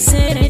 said it.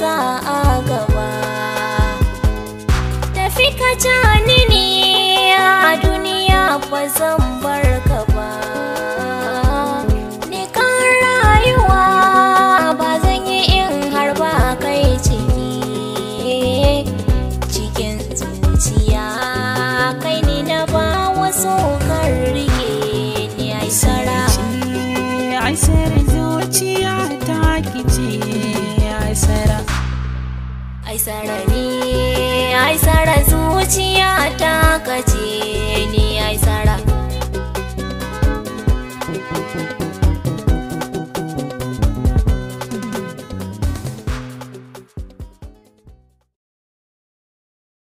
saat I said I need